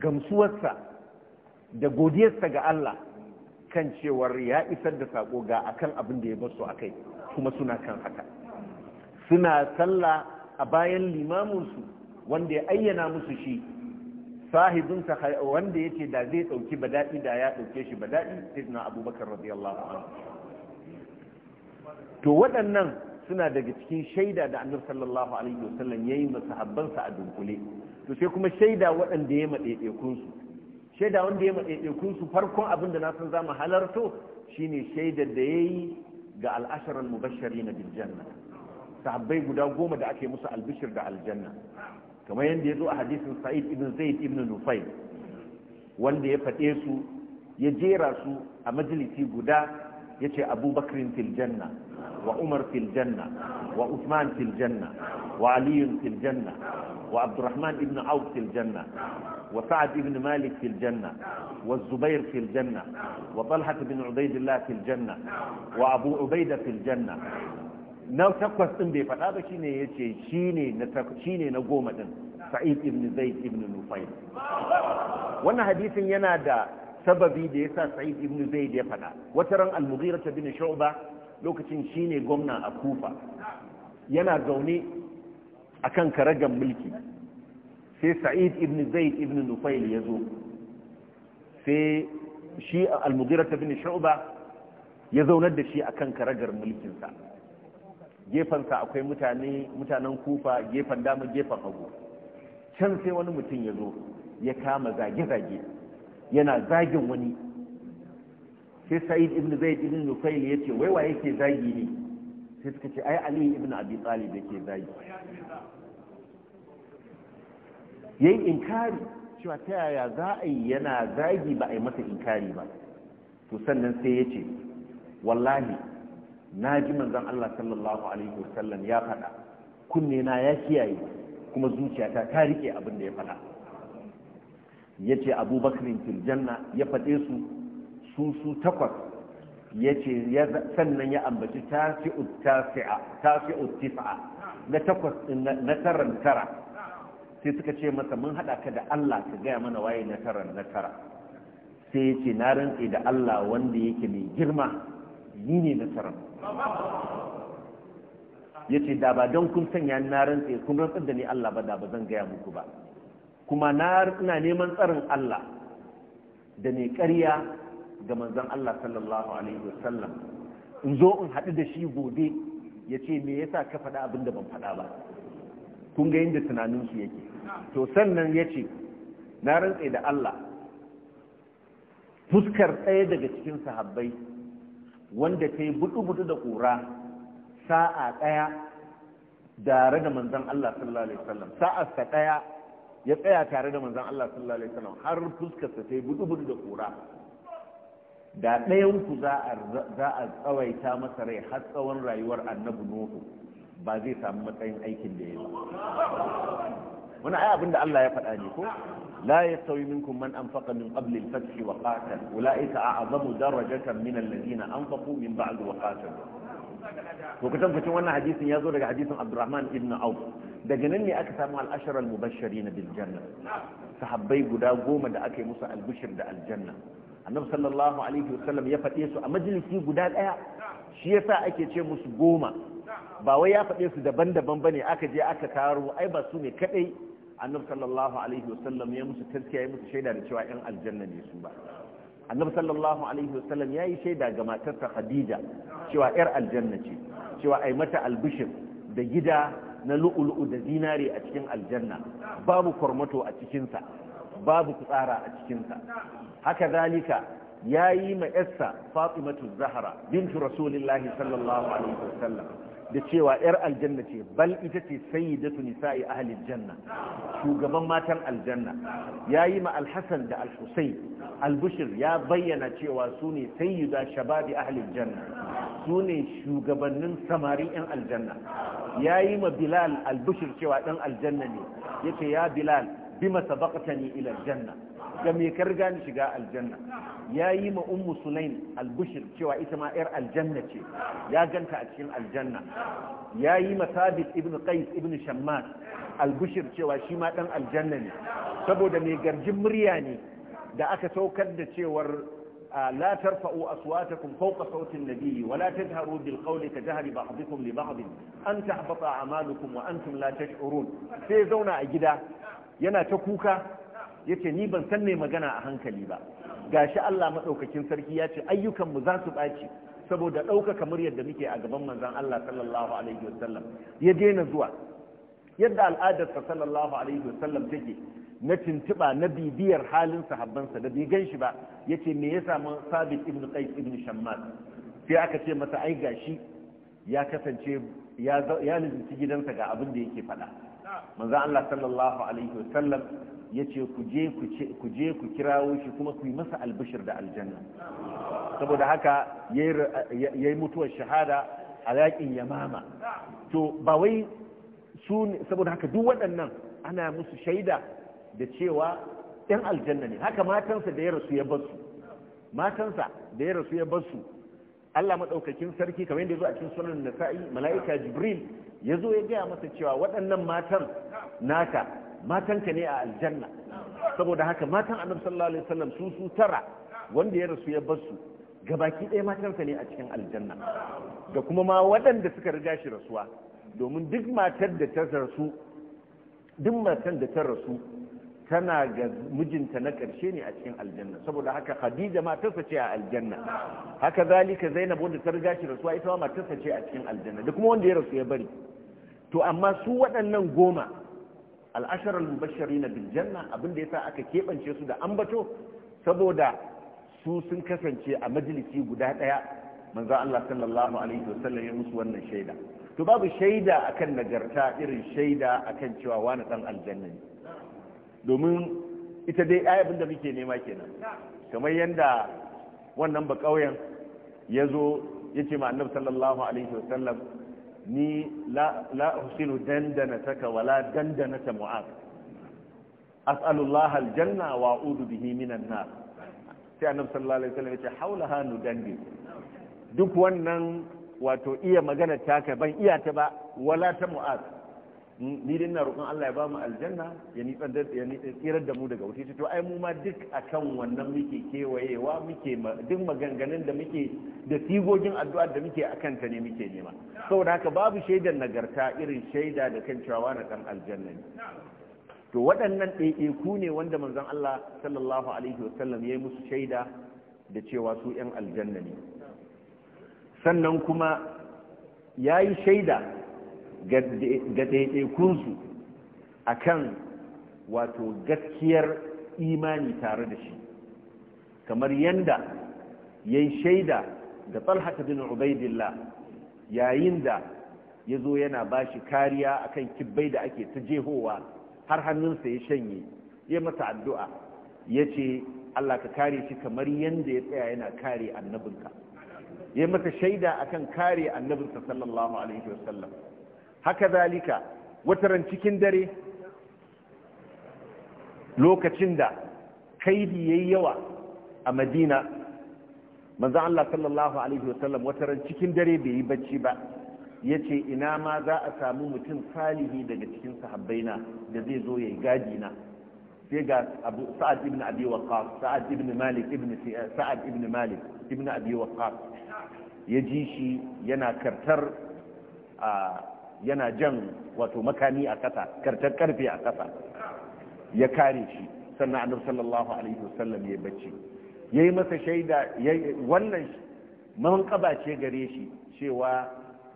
gamsuwarsa da godiyarsa ga Allah kan cewar ya isar da saƙo ga akan abin da ya basu kai kuma suna kan haka suna sallah a bayan limaminsu wanda ya ayyana musu shi sahibinsa wanda ya ce da zai ɗauki daɗi da ya ɗauke shi badaɗi sai suna abubakar radiyallahu anhu to waɗannan suna daga cikin shaida da annabi sallallahu alaihi wasallam yayi masahabbansa a dunkule to sai kuma shaida waɗanda ya maɗaiɗaikun kunsu. shaida wanda ya maɗaiɗaikun kunsu farkon abin da na san za mu halarto shine shaidar da yayi ga al'ashar al-mubashirin bil janna sahabbai guda goma da ake musu albishir da aljanna kamar yadda ya zo a hadisin sa'id ibn zaid ibn nufayl wanda ya faɗe su ya jera su a majalisi guda ya ce abubakarin fil janna وعمر في الجنة وعثمان في الجنة وعلي في الجنة وعبد الرحمن بن عوف في الجنة وسعد بن مالك في الجنة والزبير في الجنة وطلحة بن عبيد الله في الجنة وأبو عبيدة في الجنة ناو تقوص انبي فتابة شيني يتشي شيني نتاك شيني نقومة سعيد بن زيد بن نفيل وانا حديث ينادى سببي ديسا سعيد بن زيد يفتا وترى المغيرة بن شعبة lokacin shi ne gwamna a kufa yana zaune a kan karagar mulki sai sa'id ibn zaid ibn nufail ya zo sai shi al ta bini sha'uba ya zaunar da shi a akan karagar mulkinsa gefensa akwai mutanen kufa gefen dama gefen hagu can sai wani mutum ya zo ya kama zage-zage yana zagin wani sai sa'id ibn zaid ibn nufail ya ce waiwa yake zagi ne sai suka ce ai ali ibn abi talib yake zagi yayin inkari cewa ta yaya za a yi yana zagi ba a yi masa inkari ba to sannan sai ya ce wallahi na ji manzan Allah sallallahu alaihi wasallam ya faɗa kunne na ya kiyaye kuma zuciyata ta rike abin da ya faɗa ya ce Abubakar fil janna ya faɗe su su takwas ya ce sannan ya ambaci tafi'ut tifa'a na takwas na taran tara sai suka ce masa mun haɗa ka da Allah ka gaya mana waye na taran na tara sai ya ce na rantse da Allah wanda yake mai girma ni ne na taran ya ce da ba don kun sanya na rantse kun rantsar da ni Allah ba da ba zan gaya muku ba kuma na neman tsarin Allah da mai ƙarya ga manzon Allah sallallahu alaihi wasallam in zo in haɗu da shi gobe ya ce me yasa ka faɗa abin da ban faɗa ba kun ga yadda tunaninsu yake to sannan ya ce na rantse da Allah fuskar ɗaya daga cikin sahabbai wanda ta yi buɗu-buɗu da ƙura sa'a ɗaya tare da manzan Allah sallallahu alaihi wasallam sa'arsa ɗaya ya tsaya tare da manzan Allah sallallahu alaihi wasallam har fuskarsa ta yi buɗu-buɗu da ƙura da ɗayanku za a tsawaita masa rai har tsawon rayuwar Annabu nuhu ba zai samu matsayin aikin da ya yi wani ai abinda Allah ya faɗa ne ko la yastawi minkum man anfaqa min qabli al-fath wa qatal ulaika a'zamu darajatan min alladhina anfaqu min ba'd wa qatal to ku tabbacin wannan hadisin ya zo daga hadisin Abdurrahman ibn Auf daga nan ne aka samu al-ashara al-mubashshirin bil janna sahabbai guda goma da aka yi musu albishir da aljanna annabi sallallahu alaihi wasallam ya faɗe su a majalisi guda ɗaya shi yasa ake ce musu goma ba wai ya faɗe su daban-daban bane aka je aka taro ai ba su ne kadai annabi sallallahu alaihi wasallam ya musu tazkiya ya musu shaida da cewa yan aljanna ne su ba annabi sallallahu alaihi wasallam ya yi shaida ga matarsa khadija cewa yar aljanna ce cewa ai mata albishir da gida na lu'ulu'u da zinare a cikin aljanna babu kormato a cikinsa babu kutsara a cikinsa haka zalika ya yi ma yarsa fatimatu zahara bintu rasulillahi sallallahu alaihi wasallam da cewa yar aljanna ce bal ita ce sayyidatu nisa'i ahli janna shugaban matan aljanna yayi ma alhasan da alhusain albushir ya bayyana cewa su ne sayyida shababi ahli janna su ne shugabannin samari yan aljanna yayi ma bilal albushir cewa dan aljanna ne yace ya bilal bima sabaqtani ila aljanna ga me ka riga ni shiga aljanna yayi ma ummu sulaim albushir cewa ita ma yar aljanna ce ya ganta a cikin aljanna yayi ma sabit ibn qais ibn shammas albushir cewa shi ma dan aljanna ne saboda me garjin murya ne da aka saukar da cewar لا ترفعوا أصواتكم فوق صوت النبي ولا تجهروا li كجهر بعضكم لبعض أن تحبط أعمالكم وأنتم لا sai zauna a gida. yana ta kuka yace ni ban san mai magana a hankali ba gashi Allah madaukakin sarki ya ce ayyukan mu za su ɓaci saboda ɗaukaka muryar da muke a gaban manzon Allah sallallahu alaihi wasallam ya daina zuwa yadda al'adarsa sallallahu alaihi wasallam take na tuntuɓa na bibiyar halin sahabbansa da bai gan shi ba yace me ya samu sabit ibn qais ibn shammas sai aka ce masa ai gashi ya kasance ya ya gidansa ga abin da yake faɗa manzo Allah sallallahu alaihi wasallam yace ku je ku ku je ku kirawo shi kuma ku yi masa albishir da aljanna saboda haka yayi mutuwar shahada a yakin yamama to ba wai su saboda haka duk waɗannan ana musu shaida da cewa ɗan aljanna ne haka matansa da ya rasu ya basu matansa da ya rasu ya basu Allah madaukakin sarki kamar yadda ya zo a cikin sunan nasa'i mala'ika jibril ya zo ya gaya masa cewa waɗannan matan naka matanka ne a aljanna saboda haka matan annab sallallahu alaihi wasallam su su tara wanda ya rasu ya bar su gabaki ɗaya matansa ne a cikin aljanna da kuma ma waɗanda suka riga shi rasuwa domin duk matar da ta rasu duk matan da ta rasu tana ga mijinta na ƙarshe ne a cikin aljanna saboda haka khadija matarsa ce a aljanna haka zalika zainab wanda ta riga shi rasuwa ita ma matarsa ce a cikin aljanna da kuma wanda ya rasu ya bari to amma su waɗannan goma al'ashar al-mubashari na biljanna abinda ya sa aka keɓance su da ambato saboda su sun kasance a majalisi guda ɗaya manzo Allah sallallahu alaihi wasallam ya musu wannan shaida to babu shaida akan nagarta irin shaida akan cewa wani dan aljanna ne domin ita dai ɗaya abinda muke nema kenan kamar yadda wannan ba ƙauyen, ya zo ya ce ma annabi sallallahu alaihi wasallam ni la usinu dandana taka wala dandana ta mu'az as'alullah aljanna wa a'udhu bihi minan nar sai annabi sallallahu alaihi wasallam ya ce haulaha nudandi duk wannan wato iya magana taka ban iya ta ba wala ta mu'az ni dai ina roƙon Allah ya ba mu aljanna ya ni da ya ni tsirar da mu daga wuce to ai mu ma duk akan wannan muke kewayewa muke duk maganganun da muke da sigogin addu'a da muke akan ta ne muke nema saboda haka babu shaidar nagarta irin shaida da kan cewa na dan aljanna ne to waɗannan ɗaiɗaiku ne wanda manzon Allah sallallahu alaihi wasallam ya yi musu shaida da cewa su 'yan aljanna ne sannan kuma ya yi shaida ga ɗaiɗaikunsu a kan wato gaskiyar imani tare da shi kamar yanda ya yi shaida ga talhata bin ubaidillah yayin da ya zo yana ba shi kariya a kan kibbai da ake ta jehowa har hannunsa ya shanye ya mata addu'a ya ce allah ka kare shi kamar yanda ya tsaya yana kare annabinka ya mata shaida akan kare annabinka sallallahu alaihi wasallam haka zalika wataran cikin dare lokacin da kaidi ya yi yawa a madina manzo Allah sallallahu alaihi wasallam wataran cikin dare bai yi bacci ba ya ce ina ma za a samu mutum salihi daga cikin sahabbaina da zai zo yayi gadi na sai ga Sa'ad ibn Abi Waqqas Sa'ad ibn Malik ibn eh, Sa'ad ibn Malik ibn Abi Waqqas ya ji shi yana kartar a ah, yana jan wato makami a ƙasa kartar karfe a ƙasa ya kare shi sannan annab sallallahu alaihi wasallam ya bacci yayi masa shaida wannan manqaba ce gare shi cewa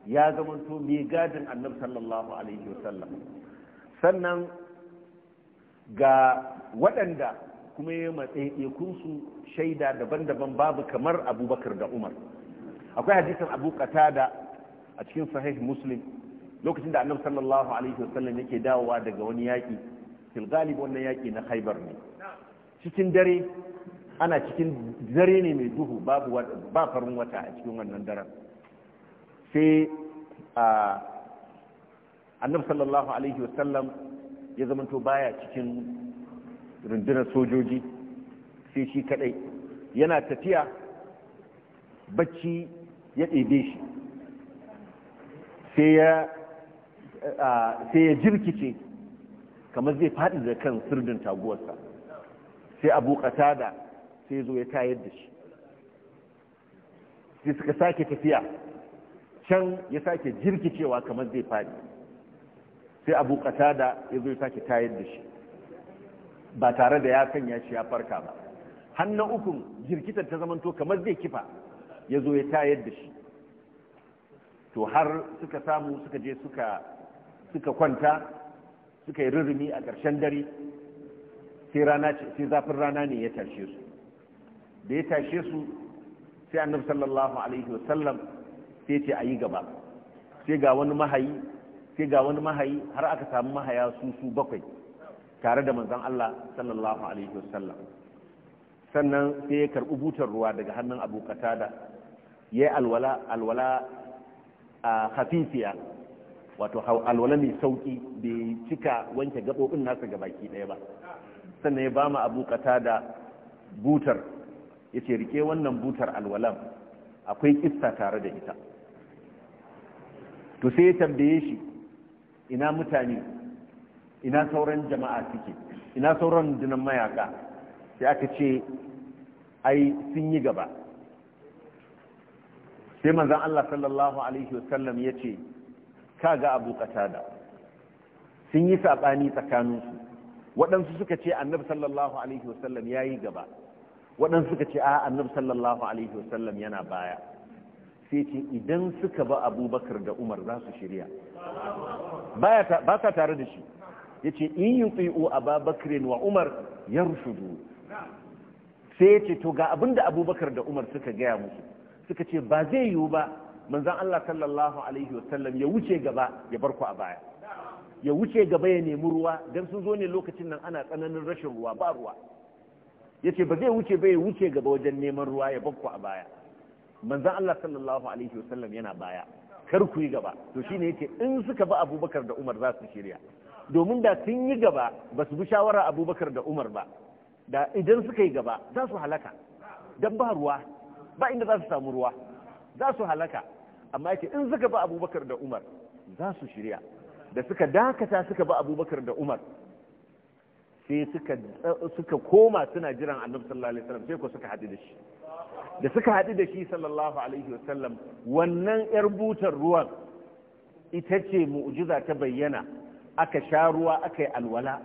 ya zamanto mai gadin annab sallallahu alaihi wasallam sannan ga waɗanda kuma ya su shaida daban-daban babu kamar abubakar da umar akwai hadisin abu qatada a cikin sahih muslim lokacin da annabi sallallahu alaihi wasallam yake dawowa daga wani yaki fil galib wannan yaki na khaybar ne cikin dare ana cikin dare ne mai duhu babu ba farin wata a cikin wannan daren sai annabi sallallahu alaihi wasallam ya zamanto baya cikin rundunar sojoji sai shi kadai yana tafiya bacci ya ɗebe shi sai ya sai ya jirkice kamar zai faɗi da kan sirdin taguwarsa sai abu da sai zo ya tayar da shi sai suka sake tafiya can ya sake jirkicewa kamar zai faɗi sai abu da ya zo ya sake tayar da shi ba tare da ya sanya shi ya farka ba hannun ukun jirkitar ta zamanto kamar zai kifa ya zo ya tayar da shi to har suka samu suka je suka suka kwanta suka yi rurumi a ƙarshen dare sai zafin rana ne ya tashe su da ya tashe su sai annabi sallallahu alaihi wasallam sai ce a yi gaba sai ga wani mahayi sai ga wani mahayi har aka samu mahaya su su bakwai tare da manzon Allah sallallahu alaihi wasallam sannan sai ya karbi butar ruwa daga hannun abu katada ya yi alwala alwala a hafifiya wato alwala mai sauki bai cika wanke gaɓoɓin nasa ga baki ɗaya ba sannan ya ba mu abu kata da butar ya ce rike wannan butar alwalan akwai kista tare da ita to sai ya tambaye shi ina mutane ina sauran jama'a suke ina sauran dinan mayaka sai aka ce ai sun yi gaba sai manzan Allah sallallahu alaihi wasallam ya ce kaga abu qatada sun yi sabani tsakaninsu waɗansu suka ce annabi sallallahu alaihi wasallam yayi gaba waɗansu suka ce a annabi sallallahu alaihi wasallam yana baya sai ce idan suka ba abubakar da umar za su shirya ba sa tare da shi ya ce in yi tsi'u a wa umar ya rushudu sai ce to ga abinda abubakar da umar suka gaya musu suka ce ba zai yiwu ba manzan Allah sallallahu alaihi wasallam ya wuce gaba ya barku a baya ya wuce gaba ya nemi ruwa don sun zo ne lokacin nan ana tsananin rashin ruwa ba ruwa ya ce ba zai wuce ba ya wuce gaba wajen neman ruwa ya barku a baya manzan Allah sallallahu alaihi wasallam yana baya kar ku yi gaba to shine yace in suka bi Abubakar da Umar za su shirya domin da sun yi gaba ba su bi shawara Abubakar da Umar ba da idan suka yi gaba za su halaka dan ba ruwa ba inda za su samu ruwa za su halaka amma yake in suka ba abubakar da umar za su shirya da suka dakata suka ba abubakar da umar sai suka koma suna jiran annabi sallallahu alaihi wasallam sai ko suka haɗu da shi da suka haɗu da shi sallallahu alaihi wasallam wannan yar butar ruwan ita ce mu'jiza ta bayyana aka sha ruwa aka yi alwala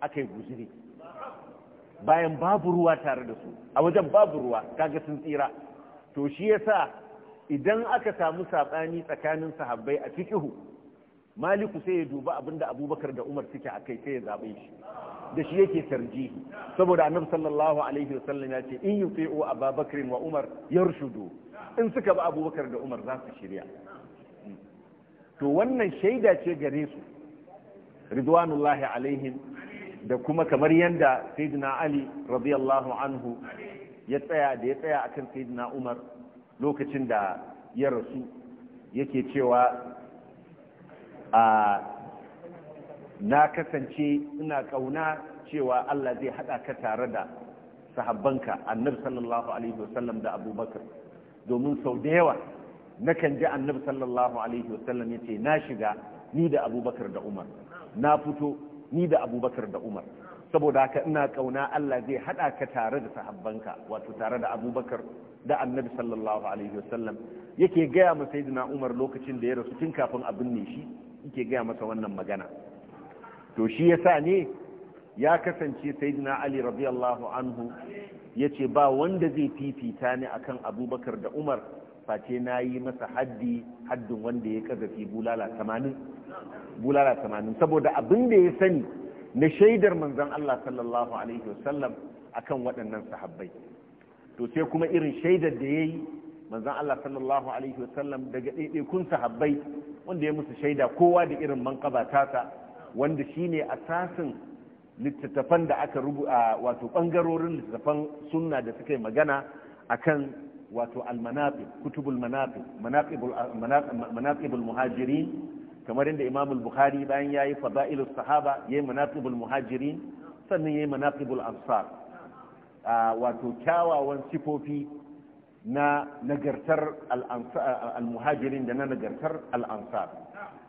aka yi guzuri bayan babu ruwa tare da su a wajen babu ruwa kaga sun tsira to shi yasa idan aka samu saɓani tsakanin sahabbai a fikihu maliku sai ya duba abinda abubakar da umar suke a kai sai ya zaɓe shi da shi yake tarjihi saboda annabi sallallahu alaihi wasallam ya ce in yuti'u ababakar wa umar yarshudu in suka ba abubakar da umar za su shirya to wannan shaida ce gare su ridwanullahi alaihim da kuma kamar yadda sayyidina ali radiyallahu anhu ya tsaya da ya tsaya akan sayyidina umar lokacin da ya rasu yake cewa a na kasance ina kauna cewa Allah zai haɗa ka tare da sahabbanka annabi sallallahu alaihi wasallam da abubakar domin sau da yawa na kan ji annabi sallallahu alaihi wasallam ya ce na shiga ni da abubakar da umar na fito ni da abubakar da umar saboda haka ina kauna Allah zai haɗa ka tare da sahabbanka wato tare da abubakar da annabi sallallahu alaihi wasallam yake gaya masa saidina umar lokacin da ya rasu tun kafin a binne shi yake gaya masa wannan magana to shi yasa ne ya kasance sayyidina ali radiyallahu anhu ya ce ba wanda zai fifita ni akan abubakar da umar face na yi masa haddi haddin wanda ya kazafi bulala 80 bulala saboda abin da ya sani na shaidar manzon Allah sallallahu alaihi wasallam akan waɗannan sahabbai to sai kuma irin shaidar da ya yi manzan Allah sallallahu alaihi wasallam daga ɗaiɗaikun sahabbai wanda ya musu shaida kowa da irin manƙaba tasa wanda shine asasin littattafan da aka rubuta wato ɓangarorin littattafan sunna da suka yi magana kan wato almanafi kutubul manafi manaqibul muhajirin kamar yadda imamul al-bukhari bayan yi fada'ilus sahaba yayi manaqibul muhajirin sannan yayi manaqibul ansar wato kyawawan sifofi na nagartar al-muhajirin da na nagartar al-ansar